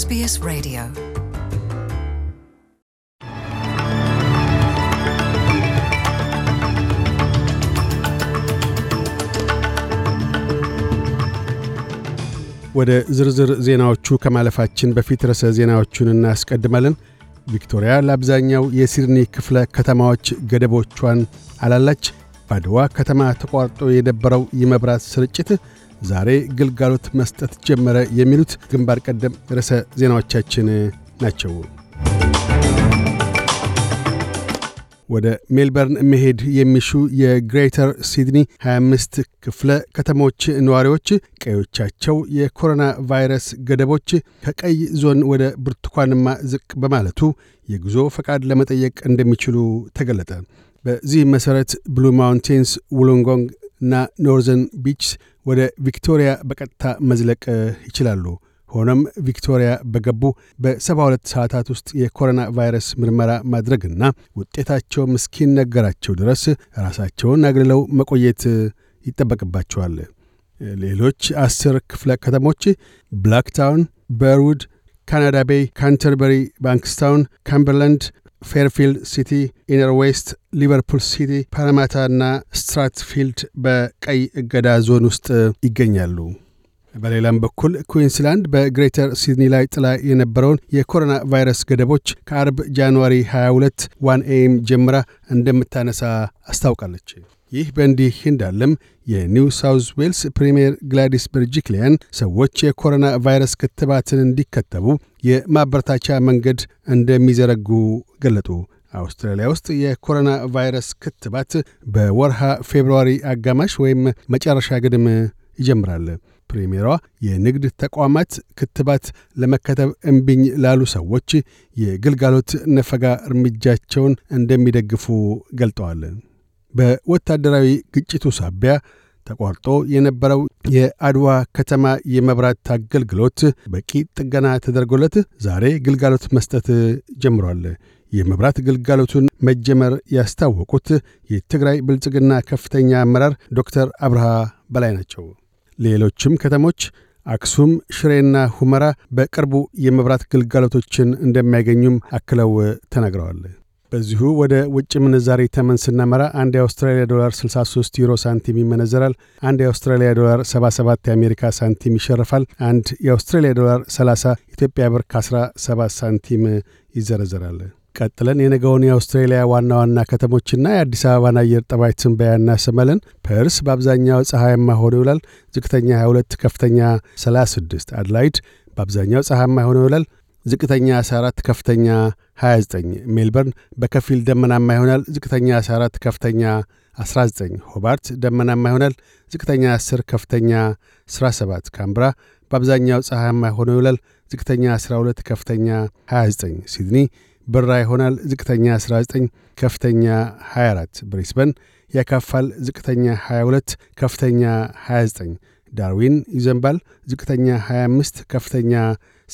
SBS Radio. ወደ ዝርዝር ዜናዎቹ ከማለፋችን በፊት ርዕሰ ዜናዎቹን እናስቀድማለን። ቪክቶሪያ ለአብዛኛው የሲድኒ ክፍለ ከተማዎች ገደቦቿን አላላች። በአድዋ ከተማ ተቋርጦ የነበረው የመብራት ስርጭት ዛሬ ግልጋሎት መስጠት ጀመረ። የሚሉት ግንባር ቀደም ርዕሰ ዜናዎቻችን ናቸው። ወደ ሜልበርን መሄድ የሚሹ የግሬተር ሲድኒ 25 ክፍለ ከተሞች ነዋሪዎች ቀዮቻቸው የኮሮና ቫይረስ ገደቦች ከቀይ ዞን ወደ ብርቱካንማ ዝቅ በማለቱ የጉዞ ፈቃድ ለመጠየቅ እንደሚችሉ ተገለጠ። በዚህ መሠረት ብሉ ማውንቴንስ፣ ውሎንጎንግ እና ኖርዘርን ቢችስ ወደ ቪክቶሪያ በቀጥታ መዝለቅ ይችላሉ። ሆኖም ቪክቶሪያ በገቡ በ72 ሰዓታት ውስጥ የኮሮና ቫይረስ ምርመራ ማድረግና ውጤታቸው እስኪነገራቸው ድረስ ራሳቸውን አግልለው መቆየት ይጠበቅባቸዋል። ሌሎች አስር ክፍለ ከተሞች ብላክታውን፣ በርውድ፣ ካናዳ ቤይ፣ ካንተርበሪ፣ ባንክስታውን፣ ካምበርላንድ፣ ፌርፊልድ ሲቲ፣ ኢነር ዌስት፣ ሊቨርፑል ሲቲ፣ ፓናማታ እና ስትራትፊልድ በቀይ እገዳ ዞን ውስጥ ይገኛሉ። በሌላም በኩል ኩዊንስላንድ በግሬተር ሲድኒ ላይ ጥላ የነበረውን የኮሮና ቫይረስ ገደቦች ከአርብ ጃንዋሪ 22 ዋን ኤም ጀምራ እንደምታነሳ አስታውቃለች። ይህ በእንዲህ እንዳለም የኒው ሳውዝ ዌልስ ፕሪምየር ግላዲስ በርጂክሊያን ሰዎች የኮሮና ቫይረስ ክትባትን እንዲከተቡ የማበረታቻ መንገድ እንደሚዘረጉ ገለጡ። አውስትራሊያ ውስጥ የኮሮና ቫይረስ ክትባት በወርሃ ፌብርዋሪ አጋማሽ ወይም መጨረሻ ግድም ይጀምራል። ፕሪምየሯ የንግድ ተቋማት ክትባት ለመከተብ እምቢኝ ላሉ ሰዎች የግልጋሎት ነፈጋ እርምጃቸውን እንደሚደግፉ ገልጠዋል። በወታደራዊ ግጭቱ ሳቢያ ተቋርጦ የነበረው የአድዋ ከተማ የመብራት አገልግሎት በቂ ጥገና ተደርጎለት ዛሬ ግልጋሎት መስጠት ጀምሯል። የመብራት ግልጋሎቱን መጀመር ያስታወቁት የትግራይ ብልጽግና ከፍተኛ አመራር ዶክተር አብርሃ በላይ ናቸው። ሌሎችም ከተሞች አክሱም፣ ሽሬና ሁመራ በቅርቡ የመብራት ግልጋሎቶችን እንደሚያገኙም አክለው ተናግረዋል። በዚሁ ወደ ውጭ ምንዛሪ ተመን ስናመራ አንድ የአውስትራሊያ ዶላር 63 ዩሮ ሳንቲም ይመነዘራል። አንድ የአውስትራሊያ ዶላር 77 የአሜሪካ ሳንቲም ይሸርፋል። አንድ የአውስትራሊያ ዶላር 30 ኢትዮጵያ ብር ከ17 ሳንቲም ይዘረዘራል። ቀጥለን የነገውን የአውስትሬሊያ ዋና ዋና ከተሞችና የአዲስ አበባን አየር ጠባይ ትንበያ እናሰማለን። ፐርስ በአብዛኛው ፀሐያማ ሆኖ ይውላል። ዝቅተኛ 22፣ ከፍተኛ 36። አድላይድ በአብዛኛው ፀሐያማ ሆኖ ይውላል። ዝቅተኛ 14 ከፍተኛ 29። ሜልበርን በከፊል ደመናማ ይሆናል። ዝቅተኛ 14 ከፍተኛ 19። ሆባርት ደመናማ ይሆናል። ዝቅተኛ 10 ከፍተኛ 17። ካምብራ በአብዛኛው ፀሐያማ ሆኖ ይውላል። ዝቅተኛ 12 ከፍተኛ 29። ሲድኒ ብራ ይሆናል። ዝቅተኛ 19 ከፍተኛ 24። ብሪስበን ያካፋል። ዝቅተኛ 22 ከፍተኛ 29። ዳርዊን ይዘንባል። ዝቅተኛ 25 ከፍተኛ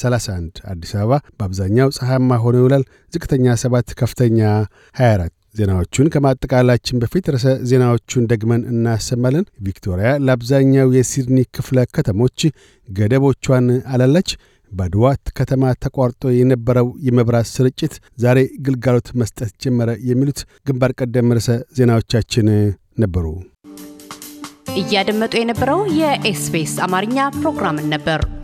31። አዲስ አበባ በአብዛኛው ፀሐያማ ሆኖ ይውላል። ዝቅተኛ 7፣ ከፍተኛ 24። ዜናዎቹን ከማጠቃላችን በፊት ርዕሰ ዜናዎቹን ደግመን እናሰማለን። ቪክቶሪያ ለአብዛኛው የሲድኒ ክፍለ ከተሞች ገደቦቿን አላለች። በድዋት ከተማ ተቋርጦ የነበረው የመብራት ስርጭት ዛሬ ግልጋሎት መስጠት ጀመረ። የሚሉት ግንባር ቀደም ርዕሰ ዜናዎቻችን ነበሩ። እያደመጡ የነበረው የኤስቢኤስ አማርኛ ፕሮግራምን ነበር።